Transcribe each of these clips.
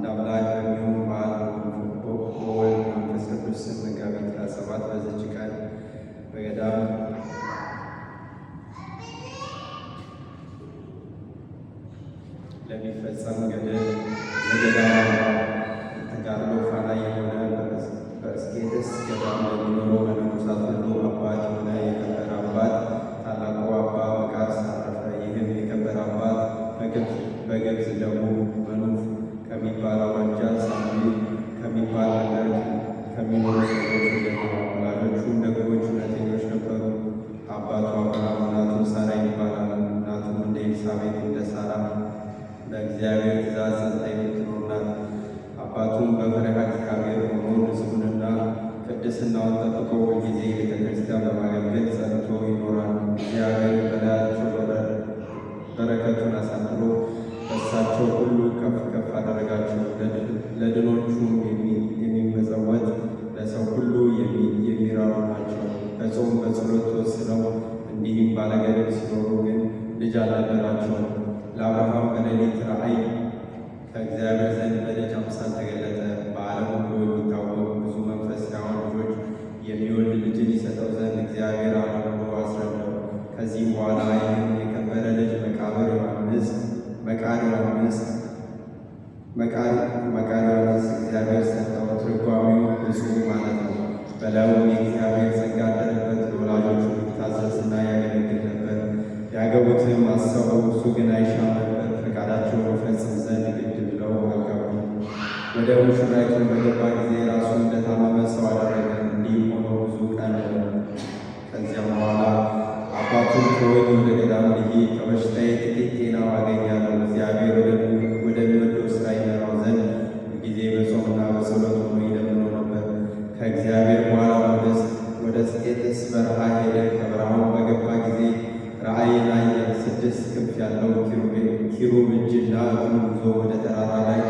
እንደ አምላክ በሚሆን በዓል በወልድ መንፈስ ቅዱስ መጋቢት ሃያ ሰባት በዚች ቀን በገዳም ለሚፈጸም ገድል ሙሽራይቱን በገባ ጊዜ ራሱን እንደታመመ ሰው አደረገ። እንዲህ ሆኖ ብዙ ቀን ከዚያም በኋላ አባቱን ከወይን ወደ ገዳም ልሂድ፣ ከበሽታዬ ጥቂት ጤና አገኛለሁ። እግዚአብሔር ወደሚወደው ስራ ይመራው ዘንድ ጊዜ በጾምና በጸሎት ሆኖ ይለምኖ ነበር። ከእግዚአብሔር በኋላ ወደ ስቄጥስ በረሃ ሄደ። ከበረሃው በገባ ጊዜ ራእይን አየ። ስድስት ክንፍ ያለው ኪሩብ እጅና እግሩ ይዞ ወደ ተራራ ላይ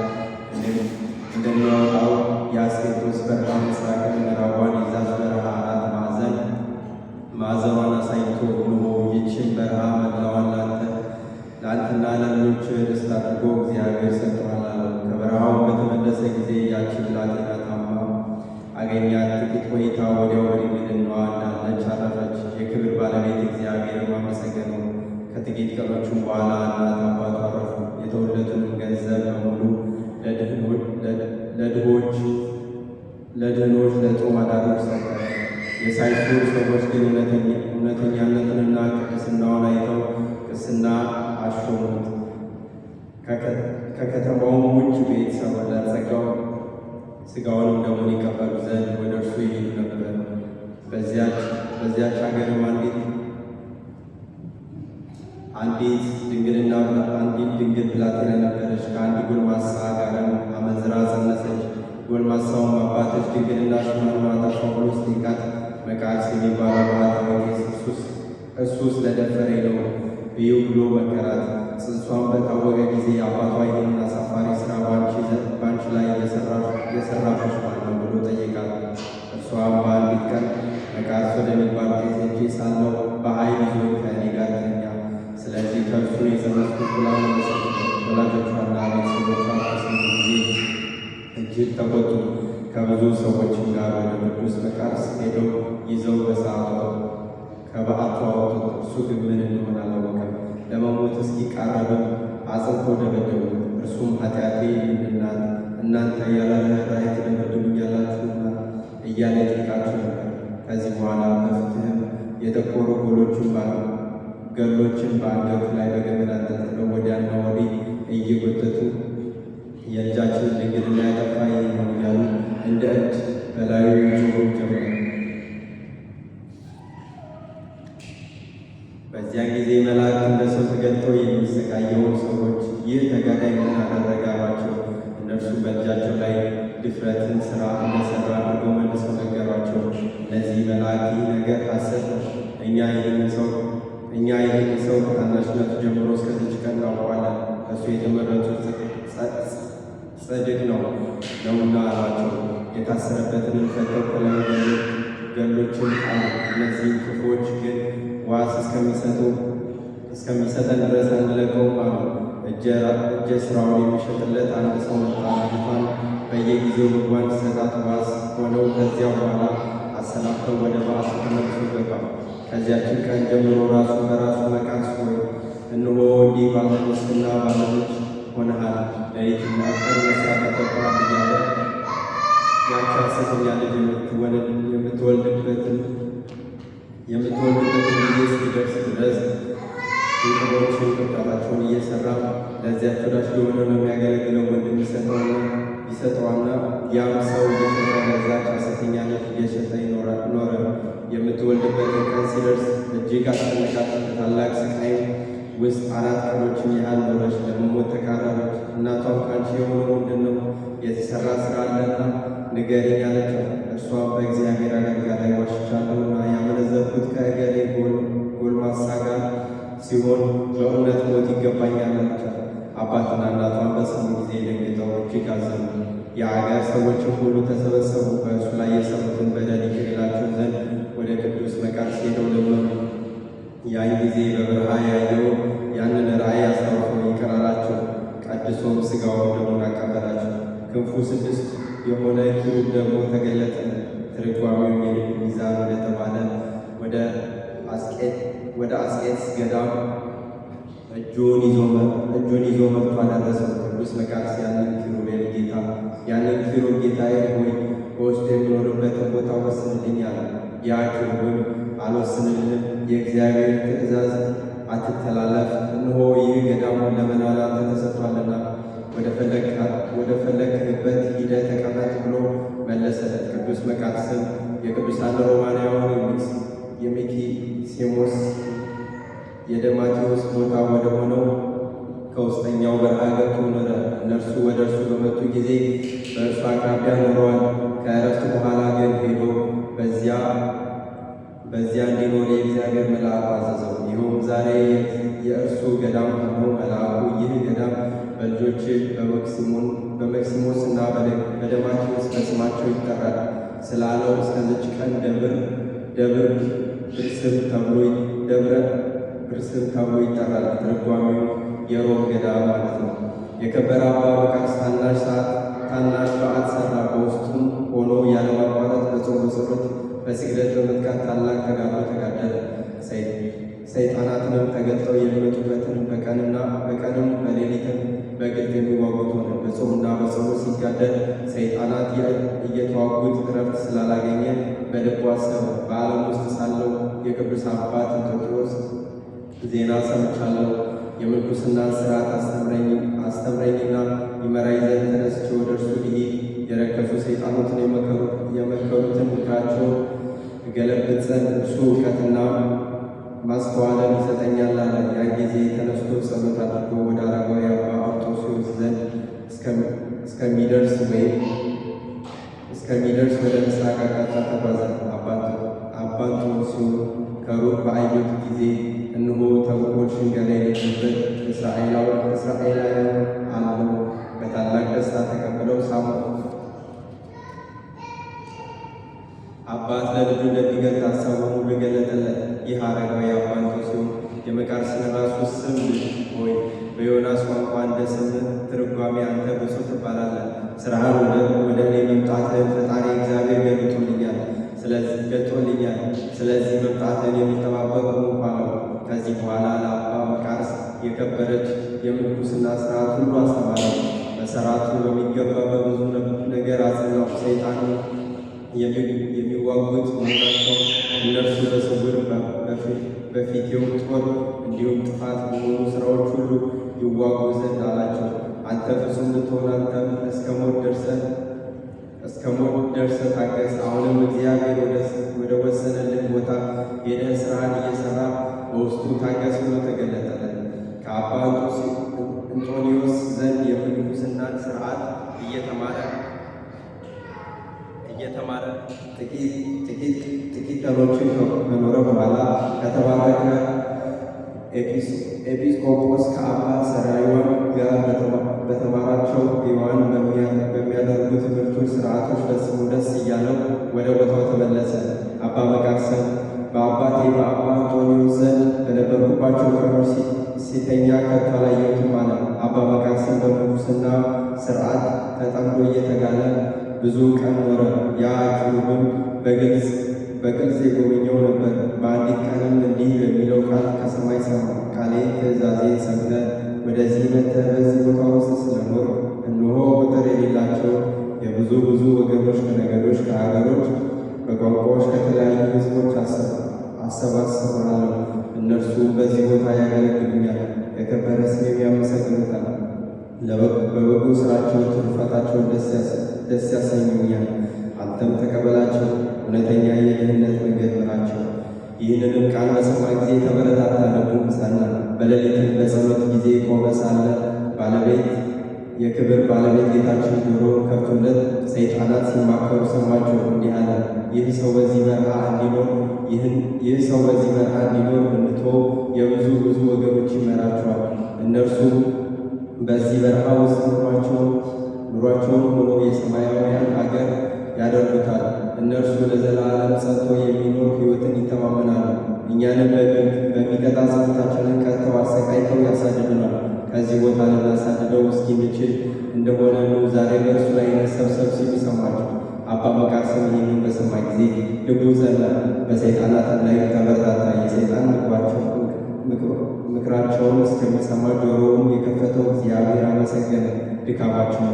ከጥቂት ቀኖችም በኋላ እናት አባቱ አረፉ። የተወለዱትንም ገንዘብ በሙሉ ለድሆች ለድህኖች ለጦም አዳሪዎች ሰጠ። የሳይሱር ሰዎች ግን እውነተኛነትንና ቅድስናውን አይተው ቅስና አሾሙት። ከከተማውም ውጭ ቤት ሰራላት። ጸጋው ስጋውንም ደሙን ይቀበሉ ዘንድ ወደ እርሱ ይሄዱ ነበር። በዚያች ሀገርም አንዲት አንዲት ድንግልና አንዲት ድንግል ብላቴና ነበረች። ከአንድ ጎልማሳ ጋርም አመንዝራ ጸነሰች። ጎልማሳውም አባትሽ ድንግልና ሽማን ማጣሽ ጳውሎስ ሊቃት መቃርስ የሚባለው ባህታዊ ቄስ እሱስ ለደፈሬ ነው እዩ ብሎ መከራት። ጽንሷን በታወቀ ጊዜ አባቷ ይህን አሳፋሪ ስራ በአንቺ ላይ የሰራሽ ማነው ብሎ ጠየቃት። እርሷም በአንዲት ቀን መቃርስ ወደሚባል ቄስ ሄጄ ሳለሁ በአይን ይዞኝ ከእኔ ጋር ተኛ ስለዚህ ከእርሱ የሰመስኩት ወላጆቿና ቤተሰቦቿ በሰሙ ጊዜ እጅግ ተቆጡ። ከብዙ ሰዎችም ጋር ወደ ቅዱስ መቃርስ ሄደው ይዘው በሰዓቱ ከበዓቱ አወጡት። እርሱ ግን ምን እንደሆነ አላወቀም። ለመሞት እስኪቃረብም አጽንቶ ደበደቡ። እርሱም ኃጢአቴ ምንድናት እናንተ ያለ ርኅራኄ ትደበድቡኛላችሁና እያለ ጠየቃቸው ነበር። ከዚህ በኋላ በፍትህም የጠቆሩ ጎሎቹን ባሉ ገሎችን በአንገቱ ላይ በገመድ አንጠልጥለው ወዲያና ወዲህ እየጎተቱ የልጃችን ድንግልና ያጠፋ ይህ ነው እያሉ እንደ እድ በላዩ ይጮሁ ጀመሩ። በዚያ ጊዜ መላክ እንደ ሰው ተገልጠው የሚሰቃየውን ሰዎች ይህ ተጋዳይ ምን አደረገ አሏቸው። በእጃቸው ላይ ድፍረትን ስራ እንደሰራ አድርገው መልሰው ነገሯቸው። ለዚህ መላክ ይህ ነገር አሰብ እኛ ይህን ሰው እኛ ይህን ሰው ከታናሽነቱ ጀምሮ እስከዚች ቀን እናውቀዋለን፣ እሱ የተመረጡ ጽድቅ ነው ነውና አሏቸው። የታሰረበትን ፈተው ከላይ ገሎችን ጣሉ። እነዚህ ክፉዎች ግን ዋስ እስከሚሰጡ እስከሚሰጠን ድረስ አንለቀው አሉ። እጀ ስራውን የሚሸጥለት አንድ ሰው መጣ። ልጅቷን በየጊዜው ምግቧን ሲሰጣት ዋስ ሆነው ከዚያ በኋላ አሰናብተው ወደ ባሱ ተመልሶ ገባ። ከዚያችን ቀን ጀምሮ ራሱ በራሱ መቃስ ሆይ እንሆ ወዲ ባለ ባለሞች ሆነሃል፣ ለይትና ቀን መስራት ይገባል እያለ ያቺ ሐሰተኛ ልጅ የምትወልድበትን የምትወልድበትን ጊዜ እስኪደርስ ድረስ እንቅቦችን ቅርጫታቸውን እየሰራ ለዚያ ተዳሽ የሆነ ለሚያገለግለው ወንድም ይሰጠዋና ይሰጠዋና ያም ሰው እየሸጠ ለዛ ሐሰተኛ ልጅ እየሸጠ ይኖረ የምትወልድበት ቀን ሲደርስ እጅግ አስጨነቃት። በታላቅ ስቃይ ውስጥ አራት ቀኖችን ያህል ኖረች። ለመሞት ተቃረበች። እናቷም ከአንቺ የሆነው ምንድን ነው? የተሰራ ስራ አለና ንገሪኝ አለችው። እርሷ በእግዚአብሔር አገልጋይ ዋሽቻለሁና ያመነዘርኩት ከእገሌ ጎልማሳ ጋር ሲሆን በእውነት ሞት ይገባኛል አለቻት። አባትና እናቷን በሰሙ ጊዜ ደንግጠው እጅግ አዘኑ። የአገር ሰዎችን ሁሉ ተሰበሰቡ፣ በእርሱ ላይ የሰሩትን በደል ይቅር ይላቸው ዘንድ ወደ ቅዱስ መቃርስ ሄደው ለመኑ። ያን ጊዜ በበረሃ ያየው ያንን ራእይ አስታውሶ ይቅር አላቸው። ቀድሶም ሥጋውን ደሙን አቀበላቸው። ክንፉ ስድስት የሆነ ኪሩብ ደግሞ ተገለጠ። ትርጓሜው ሚዛን ወደተባለ ወደ አስቄት ወደ አስቄትስ ገዳም እጁን ይዞ መጥቶ አደረሰው። ቅዱስ መቃርስ ያንን ኪሩቤል ጌታ ያንን ኪሩብ ጌታዬ ሆይ በውስጡ የሚኖርበትን ቦታ ወስንልኝ አለ። ያ ኪሩብም አልወስንልህም፣ የእግዚአብሔር ትእዛዝ አትተላለፍ፣ እንሆ ይህ ገዳሙን ለመና ላንተ ተሰጥቷልና ወደ ፈለግህበት ሂደህ ተቀመጥ ብሎ መለሰለት። ቅዱስ መቃርስም የቅዱሳን የሚኪ የሚኪሴሞስ የደማቴዎስ ቦታ ወደ ሆነው ከውስጠኛው በረሃ ገብቶ ኖረ። እነርሱ ወደ እርሱ በመጡ ጊዜ በእርሱ አቅራቢያ ኖረዋል። ከእረፍቱ በኋላ ግን ሄዶ በዚያ በዚያ እንዲኖር የእግዚአብሔር መልአክ አዘዘው። ይኸውም ዛሬ የእርሱ ገዳም ሆኖ መልአኩ ይህ ገዳም በልጆች በመክሲሞስ እና በደማቴዎስ በስማቸው ይጠራል ስላለው እስከዚች ቀን ደብር ደብር ብርስም ተብሎ ደብረ ብርስብ ተብሎ ይጠራል። ትርጓሜው የሮም ገዳም ማለት ነው። የከበረ አባ በቃስ ታናሽ ሰዓት ታናሽ በዓት ሰራ። በውስጡም ሆኖ ያለማቋረጥ በጾም በጸሎት በስግደት በመትጋት ታላቅ ተጋድሎ ተጋደለ። ሰይጣናትንም ተገልጠው የሚመጡበትን በቀንና በቀንም በሌሊትም በግልጥ የሚዋጉት ሆነ። በጾምና በጸሎት ሲጋደል ሰይጣናት እየተዋጉት እረፍት ስላላገኘ በልቡ አሰበ። በዓለም ውስጥ ሳለው የቅዱስ አባት እንጦንጦስ ዜና ሰምቻለሁ። የምንኩስናን ሥርዓት አስተምረኝና ይመራኝ ዘንድ ተነስቼ ወደ እርሱ ልሂድ። የረከሱ ሰይጣኖትን የመከሩትን ምክራቸውን እገለብጥ ዘንድ እርሱ እውቀትና ማስተዋልን ይሰጠኛል አለ። ያን ጊዜ ተነስቶ ጸሎት አድርጎ ወደ አረጋዊ አባ አርጦስዮስ ዘንድ እስከሚደርስ ወይም እስከሚደርስ ወደ ምስራቅ አቅጣጫ ተጓዘ። አባንቶስዮስ ከሩቅ በአየሁት ጊዜ ስለዚህ መምጣትን የሚጠባበቁ እንኳን ነው። ከዚህ በኋላ ለአባ መቃርስ የከበረች የምንኩስና ስርዓት ሁሉ አስተማረ። መሰራቱ በሚገባ በብዙ ነገር አጽናው። ሰይጣን የሚዋጉት መሆናቸው እነርሱ በስውር በፊቴው ጦር እንዲሁም ጥፋት በሆኑ ስራዎች ሁሉ ይዋጉ ዘንድ አላቸው። አንተ ፍጹም ልትሆን አንተም እስከ ሞት ደርሰን እስከ ሞት ደርሰህ ታገስ። አሁንም እግዚአብሔር ወደ ወሰነልህ ቦታ ሄደህ ሥራህን እየሰራ በውስጡ ታገስ ብሎ ተገለጠለን። ከአባ እንጦንዮስ ዘንድ የምንኩስናን ሥርዓት እየተማረ እየተማረ ጥቂት ጥቂት ጥቂት ቀኖችን ከኖረ በኋላ ከተባረከ ኤጲስቆጶስ ከአባ ሰራዮን ጋር በተማራቸው ዲዋን በሚያደርጉ ትምህርቶች፣ ስርዓቶች ደስሙ ደስ እያለው ወደ ቦታው ተመለሰ። አባ መቃርሰን በአባቴ በአባ አንቶኒዎስ ዘንድ በነበርኩባቸው ቀኖች ሴተኛ ከቶ አላየሁትም አለ። አባ መቃርሰን በምንኩስና ስርዓት ተጠምዶ እየተጋለ ብዙ ቀን ኖረ። ያ ጭሩብም በግልጽ በግልጽ የጎበኘው ነበር። በአንዲት ቀንም እንዲህ በሚለው ቃል ከሰማይ ሰማ፣ ቃሌን ትእዛዜን ሰምተህ ወደዚህ መጥተህ በዚህ ቦታ ውስጥ ስለኖር እነሆ ቁጥር የሌላቸው የብዙ ብዙ ወገኖች ከነገዶች፣ ከአገሮች፣ በቋንቋዎች ከተለያዩ ሕዝቦች አሰባስበናለሁ። እነርሱ በዚህ ቦታ ያገለግሉኛል፣ የከበረ ስሜም ያመሰግኑታል። በበጎ ስራቸው ትሩፋታቸውን ደስ ያሰኙኛል። አንተም ተቀበላቸው፣ እውነተኛ የድህነት መንገድ ምራቸው። ይህንንም ቃል በሰማ ጊዜ ተበረታታ፣ ልቡም ጸና። በሌሊትም በጸሎት ጊዜ ቆመ ሳለ ባለቤት የክብር ባለቤት ጌታችን ጆሮ ከፍቶለት ሰይጣናት ሲማከሩ ሰማቸው። እንዲህ አለ፣ ይህ ሰው በዚህ በረሃ እንዲኖር ይህ ሰው በዚህ በረሃ እንዲኖር እንቶ የብዙ ብዙ ወገኖች ይመራቸዋል። እነርሱ በዚህ በረሃ ውስጥ ኑሯቸውን ኑሯቸውን ሆኖ የሰማያውያን አገር ያደርጉታል። እነርሱ ለዘላለም ጸንቶ የሚኖር ሕይወትን ይተማመናሉ። እኛንም በሚቀጣ ጽሙታችንን ቀጥተው አሰቃይተው ያሳድዱናል። ከዚህ ቦታ ልናሳድደው እስኪንችል እንደሆነ ነው ዛሬ በእርሱ ላይ መሰብሰብ ሲሉ ሰማቸው። አባ መቃርስም ይህንን በሰማ ጊዜ ልቡ ዘላ፣ በሰይጣናት ላይ ተበረታታ። የሰይጣን ምግባቸው ምክራቸውን እስከሚሰማ ጆሮውን የከፈተው እግዚአብሔር አመሰገነ። ድካማቸው ነው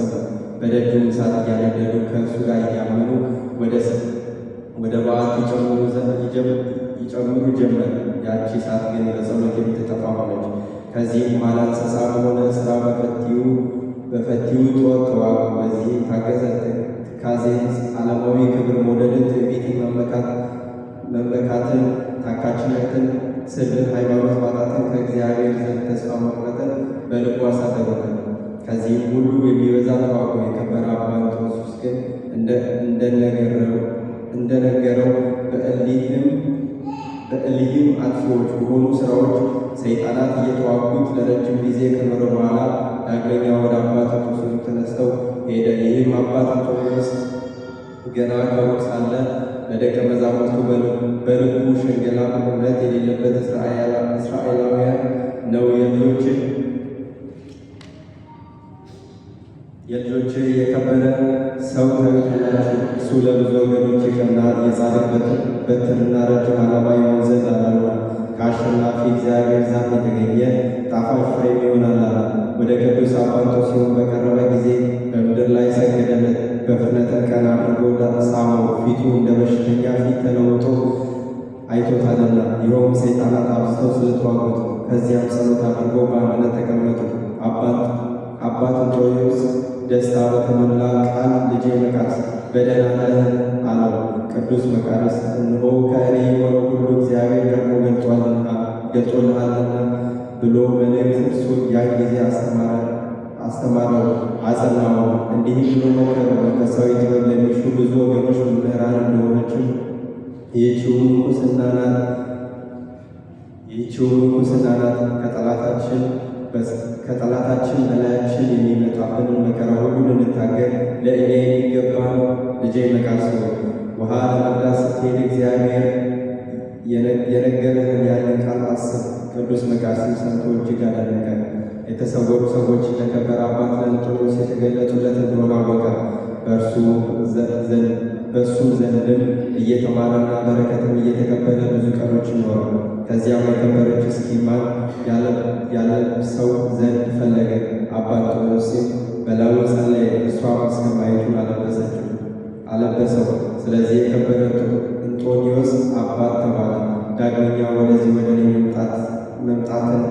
ሰበሰቡ። በደጁም ሳት እያነደዱ ከእርሱ ጋር እያመኑ ወደ ወደ በዓት ይጨምሩ ጀመር። ያቺ ሳት ግን በጸሎት የምትጠፋ ሆነች። ከዚህም በኋላ እንስሳ በሆነ በፈትዩ በፈትዩ ጦር ተዋጉ። በዚህ ታገዘ። ትካዜን፣ ዓለማዊ ክብር፣ መውደድን፣ መመካት መመካትን፣ ታካችነትን፣ ስብን ሃይማኖት ማጣትን፣ ከእግዚአብሔር ዘንድ ተስፋ መቁረጥን በልቡ አሳደረበት። ከዚህም ሁሉ የሚበዛ ታዋቂ የከበረ አባ ግን እንደነገረው በእልህም አጥፊዎች በሆኑ ስራዎች ሰይጣናት እየተዋጉት ለረጅም ጊዜ ከኖረ በኋላ ዳግመኛ ወደ አባት ስ ተነስተው ሄደ። ይህም አባት እንጦንስ ገና ከሩቅ ሳለ በደቀ መዛሙርቱ በልቡ ሽንገላ እምነት የሌለበት እስራኤላውያን ነው የሚዎችን የልጆች የከበረ ሰው ተብላችሁ እሱ ለብዙ ወገኖች የቀና የጻድቅ በትርና ረጅም ዓላማ የሆን ዘንድ አላለ። ከአሸናፊ እግዚአብሔር ዛፍ የተገኘ ጣፋጭ ፍሬም ይሆናል አለ። ወደ ቅዱስ አባንቶ ሲሆን በቀረበ ጊዜ በምድር ላይ ሰገደለት። በፍጥነትም ቀና አድርጎ ሳመው። ፊቱ እንደ በሽተኛ ፊት ተለውጦ አይቶታልና። ይኸውም ሰይጣናት አብዝተው ስለተዋጉት። ከዚያም ጸሎት አድርጎ በአምነት ተቀመጡ አባት አባት እንጦንስ ደስታ በተሞላ ቃል ልጄ መቃርስ በደህና ነህ አለው። ቅዱስ መቃርስ እንሆ ከእኔ የሆነ ሁሉ እግዚአብሔር ደግሞ ገልጦልሃልና ብሎ መልእክት እርሱ ያን ጊዜ አስተማረ አስተማረው አጸናው። እንዲህ ብሎ መከረው መንፈሳዊ ጥበብ ለሚሹ ብዙ ወገኖች መምህራን እንደሆነችም ይህችውም ምንኩስና ናት። ይህችውም ምንኩስና ናት ከጠላታችን ከጠላታችን በላያችን የሚመጣብንን መከራ ሁሉ ልንታገል ለእኔ የሚገባ ልጄ መቃል ውሃ ለመቅዳት ስትሄድ እግዚአብሔር የነገረህን ያንን ቃል አስብ። ቅዱስ መቃርሲም ሰምቶ እጅግ አደነቀ። የተሰወሩ ሰዎች ለከበረ አባት ለንጦሮስ የተገለጡለት እንደሆነ አወቀ። በእርሱ ዘንድ በእሱ ዘንድም እየተማረና በረከትም እየተቀበለ ብዙ ቀኖች ይኖራል። ከዚያም የከበረች እስኪማን ያለብሰው ዘንድ ፈለገ። አባ ጢሞሴም በላዩ ጸለየ፣ እሷ እስከማይቱን አለበሰችው አለበሰው። ስለዚህ የከበረ እንጦኒዎስ አባት ተባለ። ዳግመኛ ወደዚህ ወደ እኔ መምጣትን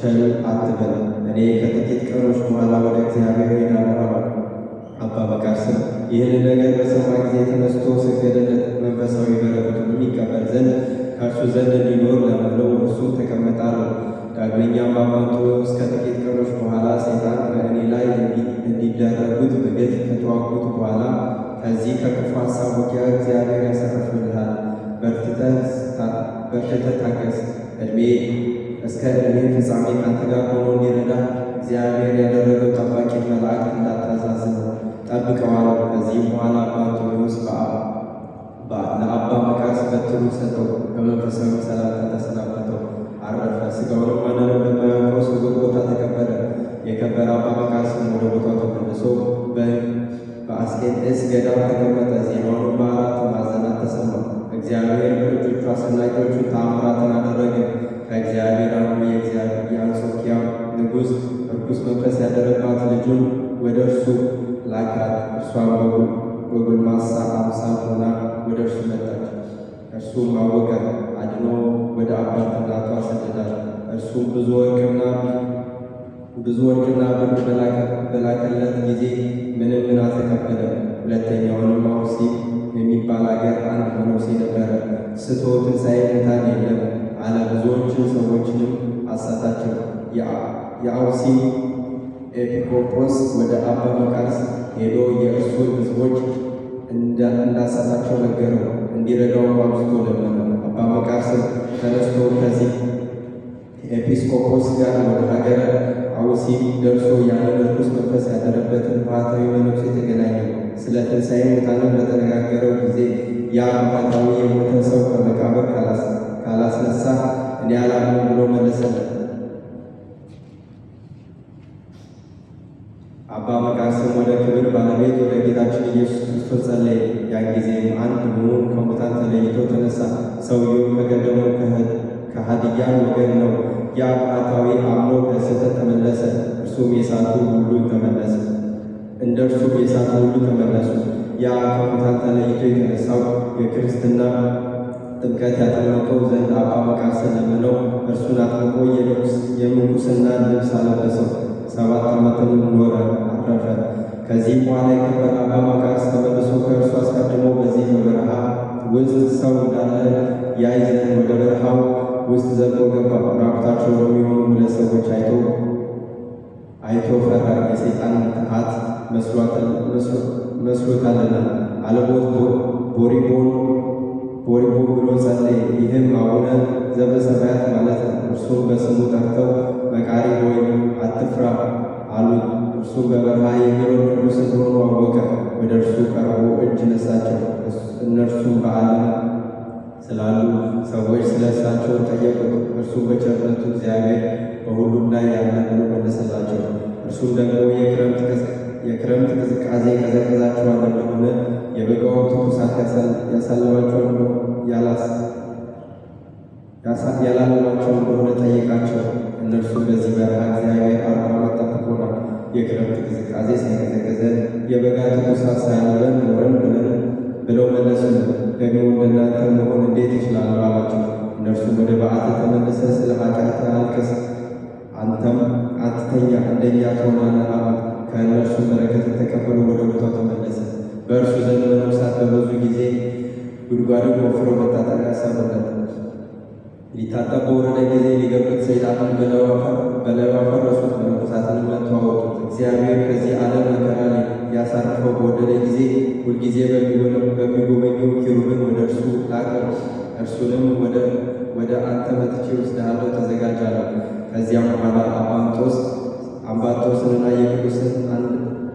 ቸል አትበል፣ እኔ ከጥቂት ቀኖች በኋላ ወደ እግዚአብሔር ሄዳለሁ አለው። አባ መቃርስም ይህንን ነገር በሰማ ጊዜ ተነስቶ ሰገደለት። መንፈሳዊ በረከቱንም ይቀበል ዘንድ ከእርሱ ዘንድ እንዲኖር ለምለው እርሱ ተቀመጠ አለው። ዳግመኛም አባ አንጦንዮስ ከጥቂት ቀኖች በኋላ ሰይጣን በእኔ ላይ እንዲደረጉት በቤት ከተዋጉት በኋላ ከዚህ ከክፉ ሀሳብ ውጊያ እግዚአብሔር ያሳርፍልሃል። በርትተህ ታገስ። እድሜ እስከ እድሜ ፍጻሜ ካንተ ጋር ሆኖ እንዲረዳ እግዚአብሔር ያደረገው ጠባቂ መልአክ እንዳታዛዝነው ጠብቀዋል። ከዚህም በኋላ በአንቶኒዎስ ለአባ መቃርስ በትሩ ሰጠው። በመንፈሳዊ ሰላምታ ተሰናበተው አረፈ። ስጋውንም አዳንም በማያቆስ ቦታ ተቀበለ። የከበረ አባ መቃርስም ወደ ቦታው ተመልሶ በአስቄጥስ ገዳም ተቀመጠ። ዜናውንም በአራት ማዕዘናት ተሰማ። እግዚአብሔር በእጆቹ አስደናቂዎቹ ተአምራትን አደረገ። ከእግዚአብሔር አንዱ የአንጾኪያ ንጉሥ እርኩስ መንፈስ ያደረባት ልጁን ወደ እርሱ ላካት። እርሷን በጎልማሳ አምሳል ሆና ወደ እርሱ መጣች። እርሱም አወቀ፣ አድኖ ወደ አባት እናቷ ሰደዳት። እርሱም ብዙ ወርቅና ብዙ ወርቅና ብር በላከለት ጊዜ ምንም ምን አልተቀበለም። ሁለተኛውንም አውሲ የሚባል አገር አንድ መነኩሴ ነበረ፣ ስቶ ትንሣኤ ሙታን የለም አለ። ብዙዎችን ሰዎችንም አሳታቸው። የአውሲ ኤጲቆጶስ ወደ አባ መቃርስ ሄዶ የእርሱን ሕዝቦች እንዳሳታቸው ነገረው። እንዲረዳው አብዝቶ ለመነው። አባ መቃርስም ተነስቶ ከዚህ ኤጲስቆጶስ ጋር ወደ ሀገረ አውሲ ደርሶ ያለ ርኩስ መንፈስ ያደረበትን ባህታዊ መነኩሴ የተገናኘ ስለ ትንሣኤ ሙታንም በተነጋገረው ጊዜ ያ ባህታዊ የሞተ ሰው ከመቃብር ካላስነሳ እኔ አላምንም ብሎ መለሰለት። ተነሳ። ሰውየው ከገደለው ከሃዲያን ወገን ነው። ያ ባህታዊ አምኖ ከስህተት ተመለሰ፣ እርሱም የሳቱ ሁሉ ተመለሰ። እንደ እርሱ የሳቱ ሁሉ ተመለሱ። ያ ከሙታን ተለይቶ የተነሳው የክርስትና ጥምቀት ያጠመቀው ዘንድ አባ መቃርስን ለመነው እርሱን አጥምቆ የምንኩስና ልብስ አለበሰው። ሰባት ዓመትም ኖረ አረፈ። ከዚህ በኋላ የከበረ አባ መቃርስ ተመልሶ ከእርሱ አስቀድ ውስጥ ሰው እንዳለ ያይ ዘንድ ወደ በረሃው ውስጥ ዘልቆ ገባ። ራቁታቸው የሚሆኑ ሁለት ሰዎች አይቶ አይቶ ፈራ። የሰይጣን ምትዓት መስሎታልና አለቦት ቦሪቦን ቦሪቦን ብሎ ጸለየ። ይህም አቡነ ዘበሰማያት ማለት ነው። እርሱም በስሙ ጠርተው መቃሪ ወይም አትፍራ አሉት። እርሱም በበረሃ የሚኖር ቅዱስ እንደሆኑ አወቀ። ወደ እርሱ ቀርቦ እጅ ነሳቸው። እነርሱም በዓለም ስላሉ ሰዎች ስለ እሳቸው ጠየቁት። እርሱ በቸርነቱ እግዚአብሔር በሁሉም ላይ ያለ ብሎ መለሰላቸው። እርሱም ደግሞ የክረምት ቅዝቃዜ ቀዘቀዛችኋል እንደሆነ የበጋ ትኩሳት ያሳልባቸው ያሳልባቸው ያላለባቸው እንደሆነ ጠየቃቸው። እነርሱ በዚህ በረሃ እግዚአብሔር አርባ ዓመት ጠብቆናል። የክረምት ቅዝቃዜ ሳይቀዘቀዘን የበጋ ትኩሳት ሳያልበን ኖረን ብለን ብለው መለሱ። ደግሞ እንደናንተ መሆን እንዴት ይችላል አላቸው። እነርሱ ወደ በዓት ተመልሰ ስለ ኃጢአት አልቅስ፣ አንተም አትተኛ፣ እንደኛ ትሆናለህ አሉት። ከእነርሱ በረከት ተቀብሎ ወደ ቦታው ተመለሰ። በእርሱ ዘንድ መነኮሳት በብዙ ጊዜ ጉድጓዱ ወፍሮ መታጠቢያ ሰሩለት። ሊታጠብ በወረደ ጊዜ ሊገቡት ሰይጣንን በላዩ አፈረሱት፣ መነኮሳትንም አተዋወጡት። እግዚአብሔር ከዚህ ዓለም መከራ ሊያሳርፈው በወደደ ጊዜ ሁልጊዜ በሚጎበኘው ኪሩብን ወደ እርሱ ላከ። እርሱንም ወደ አንተ መጥቼ ወስድሃለሁ ተዘጋጅ ከዚያም በኋላ አባንጦስ አባንጦስንና የቅዱስን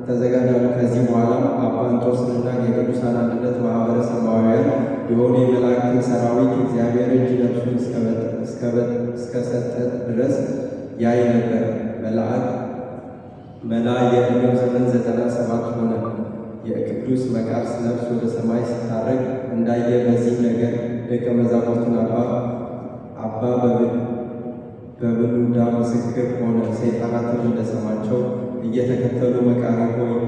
ተዘጋጅ አለው። ከዚህ በኋላ አባንጦስንና የቅዱሳን አንድነት ማህበረ ሰማያውያን የሆኑ የመላእክትን ሰራዊት እግዚአብሔር እጅ ነፍሱን እስከሰጠ ድረስ ያይ ነበር መልአክ መላ የዕድሜው ዘመን ዘጠና ሰባት ሆነ። የቅዱስ መቃርስ ነፍስ ወደ ሰማይ ስታረግ እንዳየ በዚህ ነገር ደቀ መዛሙርቱን አባ አባ በብሉዳ ምስክር ሆነ። ሰይጣናትም እንደሰማቸው እየተከተሉ መቃርስ ሆይ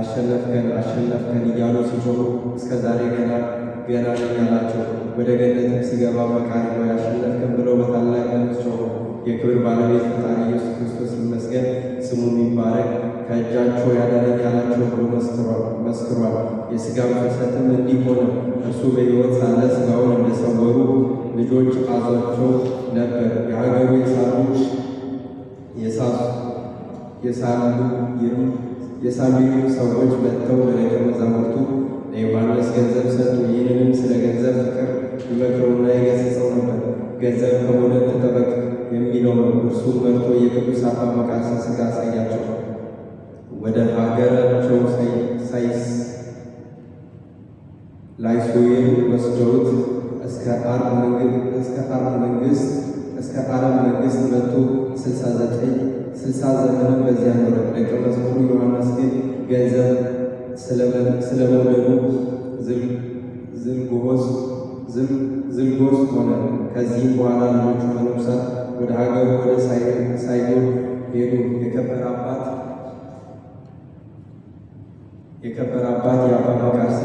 አሸነፍከን አሸነፍከን እያሉ ሲጮሩ እስከ ዛሬ ገና ገና ነኝ ወደ ገነትም ሲገባ መቃርስ ሆይ አሸነፍከን ብለው በታላቅ ጮሩ። የክብር ባለቤት ፈጣሪ ኢየሱስ ክርስቶስ ይመስገን፣ ስሙ ይባረክ። ከእጃቸው ያዳነኝ ያላቸው ብሎ መስክሯል። የስጋ ፍልሰትም እንዲህ ሆነ፣ እርሱ በሕይወት ሳለ ሥጋውን እንደሰወሩ ልጆች አዟቸው ነበር። የሀገሩ የሳሉች የሳቢዩ ሰዎች መጥተው ለደቀ መዛሙርቱ ለዮሐንስ ገንዘብ ሰጡ። ይህንንም ስለ ገንዘብ ፍቅር ይመክረውና ይገሥጸው ነበር። ገንዘብ ከመውደድ ተጠበቅ የሚለው ነው። እርሱ መጥቶ የቅዱስ አባ መቃርስን ሥጋ አሳያቸው። ወደ ሀገራቸው ሳይስ ላይሶይን ወስደውት እስከ አርብ እስከ አርብ መንግስት እስከ አረብ መንግስት መጥቶ ስልሳ ዘጠኝ ስልሳ ዘመንም በዚያ ኖረ። ደቀ መዝሙሩ ዮሐንስ ግን ገንዘብ ስለመውደዱ ዝምጎስ ሆነ። ከዚህም በኋላ ልጆቹ መነኩሳት ወደ ሀገሩ ወደ ሳይጎን ሄዱ። የከበረ አባት የከበረ አባት የአባ መቃርስ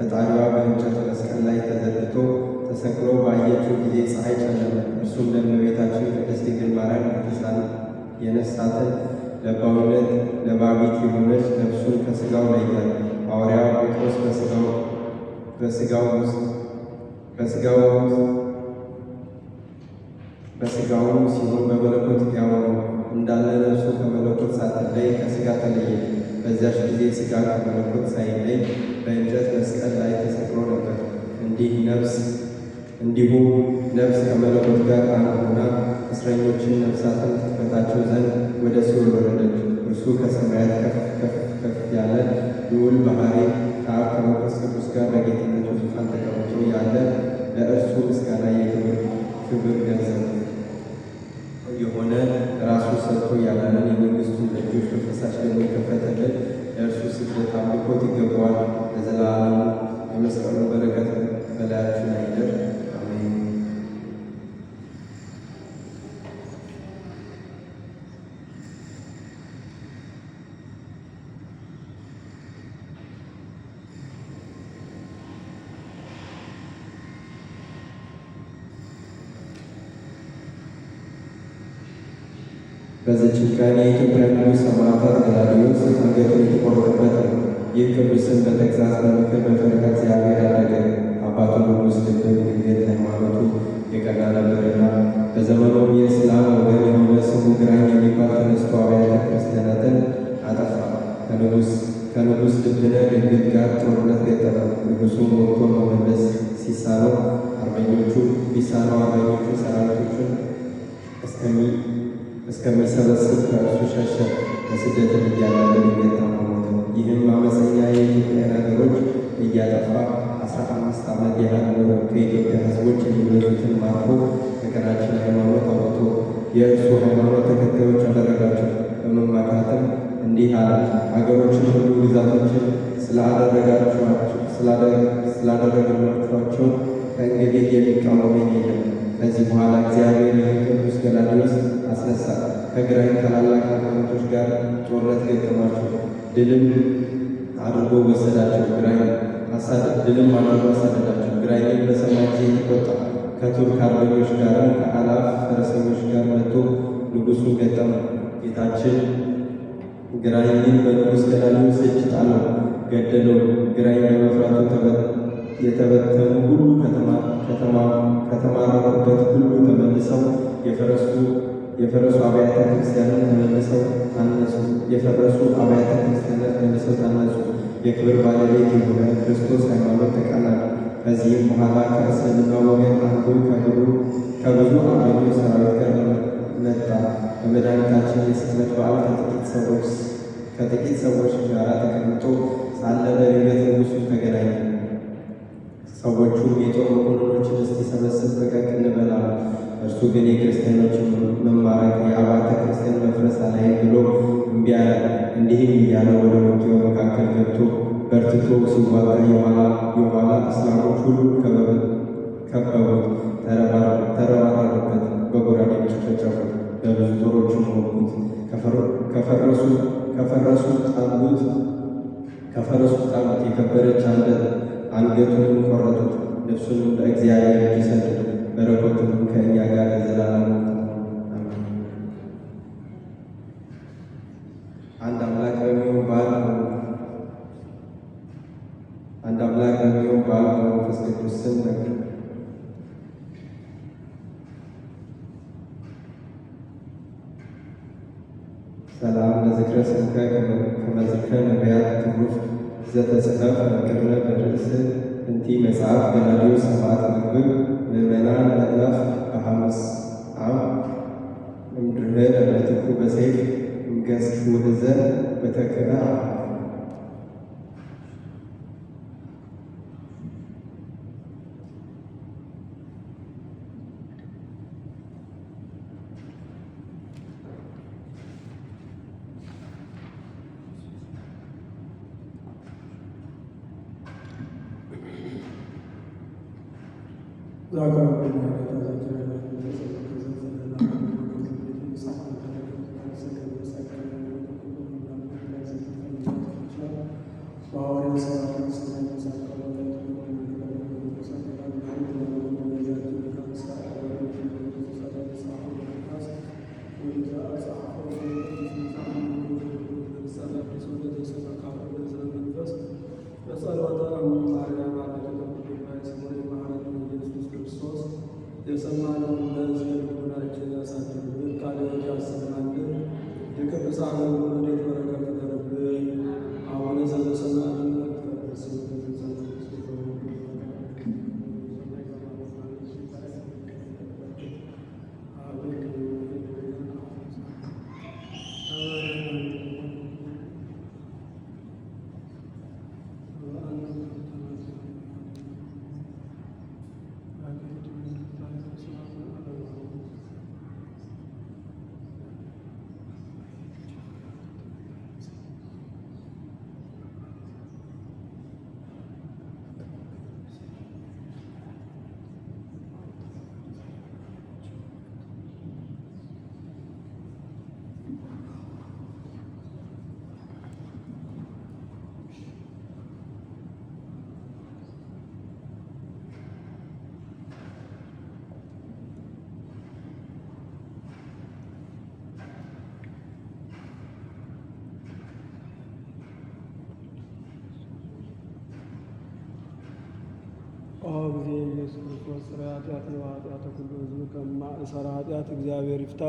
ፈጣሪዋ በእንጨት መስቀል ላይ ተዘርግቶ ተሰቅሎ ባየችው ጊዜ ፀሐይ ጨለመ። እርሱም ለእመቤታችን ቅድስት ድንግል ማርያም ቅዱሳን የነሳትን ለባውነት ለባቢት የሆነች ነፍሱን ከስጋው ለያል። ሐዋርያው ጴጥሮስ በስጋው ውስጥ በሥጋው በሥጋው ሲሆን በመለኮት ያው እንዳለ ነፍሱ ከመለኮት ሳትለይ ከስጋ ተለየ። በዚያች ጊዜ ሥጋ ከመለኮት ሳይለይ በእንጨት መስቀል ላይ ተሰቅሎ ነበር። እንዲህ ነፍስ እንዲሁ ነፍስ ከመለኮት ጋር አንድ ሆና እስረኞችን ነፍሳትን ትፈታቸው ዘንድ ወደ ሲኦል ወረደች። እርሱ ከሰማያት ከፍ ከፍ ያለ ልዑል ባሕሪ ከአብ ከመንፈስ ቅዱስ ጋር በጌትነቱ ዙፋን ተቀምጦ ያለ ለእርሱ ምስጋና የክብር ክብር ገንዘብ የሆነ ራሱ ሰጥቶ ያዳነን የመንግስቱ ደጆች በፈሳሽ ደግሞ የከፈተልን ለእርሱ ስግደት አምልኮት ይገባዋል። ለዘላለሙ የመስቀሉ በረከት በላያችን አይደር። በዚችም ቀን የኢትዮጵያ ንጉሥ ሰማዕታት ገላውዴዎስ አንገቱ የተቆረጠበት ነው። ይህ ስም በተግሳጽ በምክር በፈርከት እግዚአብሔር አደገ። አባቱ ንጉሥ ድብር ድንገት ሃይማኖቱ የቀና ነበርና በዘመኑም የእስላም ወገን የሆነ ስሙ ግራኝ የሚባል ተነስቶ አብያተ ክርስቲያናትን አጠፋ። ከንጉሥ ድብነ ድንግል ጋር ጦርነት ገጠመ። ንጉሱ ወጥቶ መመለስ ሲሳነው አርበኞቹ ቢሳነው አርበኞቹ ሰራዊቶቹን እስከሚ እስከ መሰበስብ ከእርሱ ሸሸ። በስደትም እያለ በድንገት ሞተ። ይህም አመፀኛ የኢትዮጵያ ነገሮች እያጠፋ አስራ አምስት ዓመት ያህል ኖረ። ከኢትዮጵያ ሕዝቦች የሚበዙትን ማርኮ ከቀናችን ሃይማኖት አውጥቶ የእርሱ ሃይማኖት ተከታዮች አደረጋቸው። በመማታትም እንዲህ አለ፣ ሀገሮችን ሁሉ ግዛቶችን ስላደረጋችኋቸው ስላደረግናችኋቸው ከእንግዲህ የሚቃወመኝ የለም። ከዚህ በኋላ እግዚአብሔር ይህን ቅዱስ ገላውዴዎስ አስነሳ። ከግራኝ ታላላቅ መኳንንቶች ጋር ጦርነት ገጠማቸው። ድልም አድርጎ ወሰዳቸው። ግራኝ ድልም አድርጎ አሳደዳቸው። ግራኝን በሰማ ጊዜ ተቆጣ። ከቱርክ አርበኞች ጋር ከአላፍ ፈረሰኞች ጋር መጥቶ ንጉሡን ገጠመ። ጌታችን ግራኝን በንጉሥ ገላውዴዎስ እጅ ጣለው፣ ገደለው። ግራኝ በመፍራቱ ተበ የተበተኑ ሁሉ ከተማረረበት ሁሉ ተመልሰው የፈረሱ የፈረሱ አብያተ ክርስቲያናት ተመልሰው ታነጹ። የፈረሱ አብያተ ክርስቲያናት ተመልሰው ታነጹ። የክብር ባለቤት የሆነ ክርስቶስ ሃይማኖት ተቀላል። ከዚህም በኋላ ከእስልምና ወገን አንዱ ከብዙ አመኑ ሰራዊት ጋር መጣ። በመድኃኒታችን የስቅለት በዓል ከጥቂት ሰዎች ከጥቂት ሰዎች ጋር ተቀምጦ ሳለ በድንገት ንጉሱ ተገናኘ። ሰዎቹ የጦር መኮንኖችን ሰበስብ ፈቀቅ እንበላ፣ እርሱ ግን የክርስቲያኖችን መማረክ የአብያተ ክርስቲያን መፍረስ አላይ ብሎ እምቢ አለ። እንዲህም እያለ ወደ ውጊያው መካከል ገብቶ በርትቶ ሲዋጋ የኋላ እስላሞች ሁሉ ከበቡት፣ ተረባረቡበት፣ በጎራዴ ጨፈጨፉት፣ በብዙ ጦሮችም ወጉት። ከፈረሱት ጣሉት የከበረች አንደ አንገቱንም ቆረጡት፣ ነፍሱንም ለእግዚአብሔር እጅ ሰጡት። በረከቱም ከእኛ ጋር ለዘላለም አንድ አምላክ በሚሆን ባል አንድ አምላክ በሚሆን በዓል በመንፈስ ቅዱስ ስም ሰላም ለዝክረ ስብከ ከመዝክረ ነቢያት ትሩፍ ዘተጽሐፈ በክብረ በርእስ እንቲ መጽሐፍ ገላትዮ ሰብዐት መግብዕ ምዕመናን ለእላፍ በሐሙስ አም እምድኅረ ለትኩ በሰይፍ እምገዝፉ እዘን በተክለ ጊዜ ኢየሱስ ክርስቶስ ስራ ኃጢአት ነው ኃጢአት ሁሉ ህዝብ ከማ ኃጢአት እግዚአብሔር ይፍታ።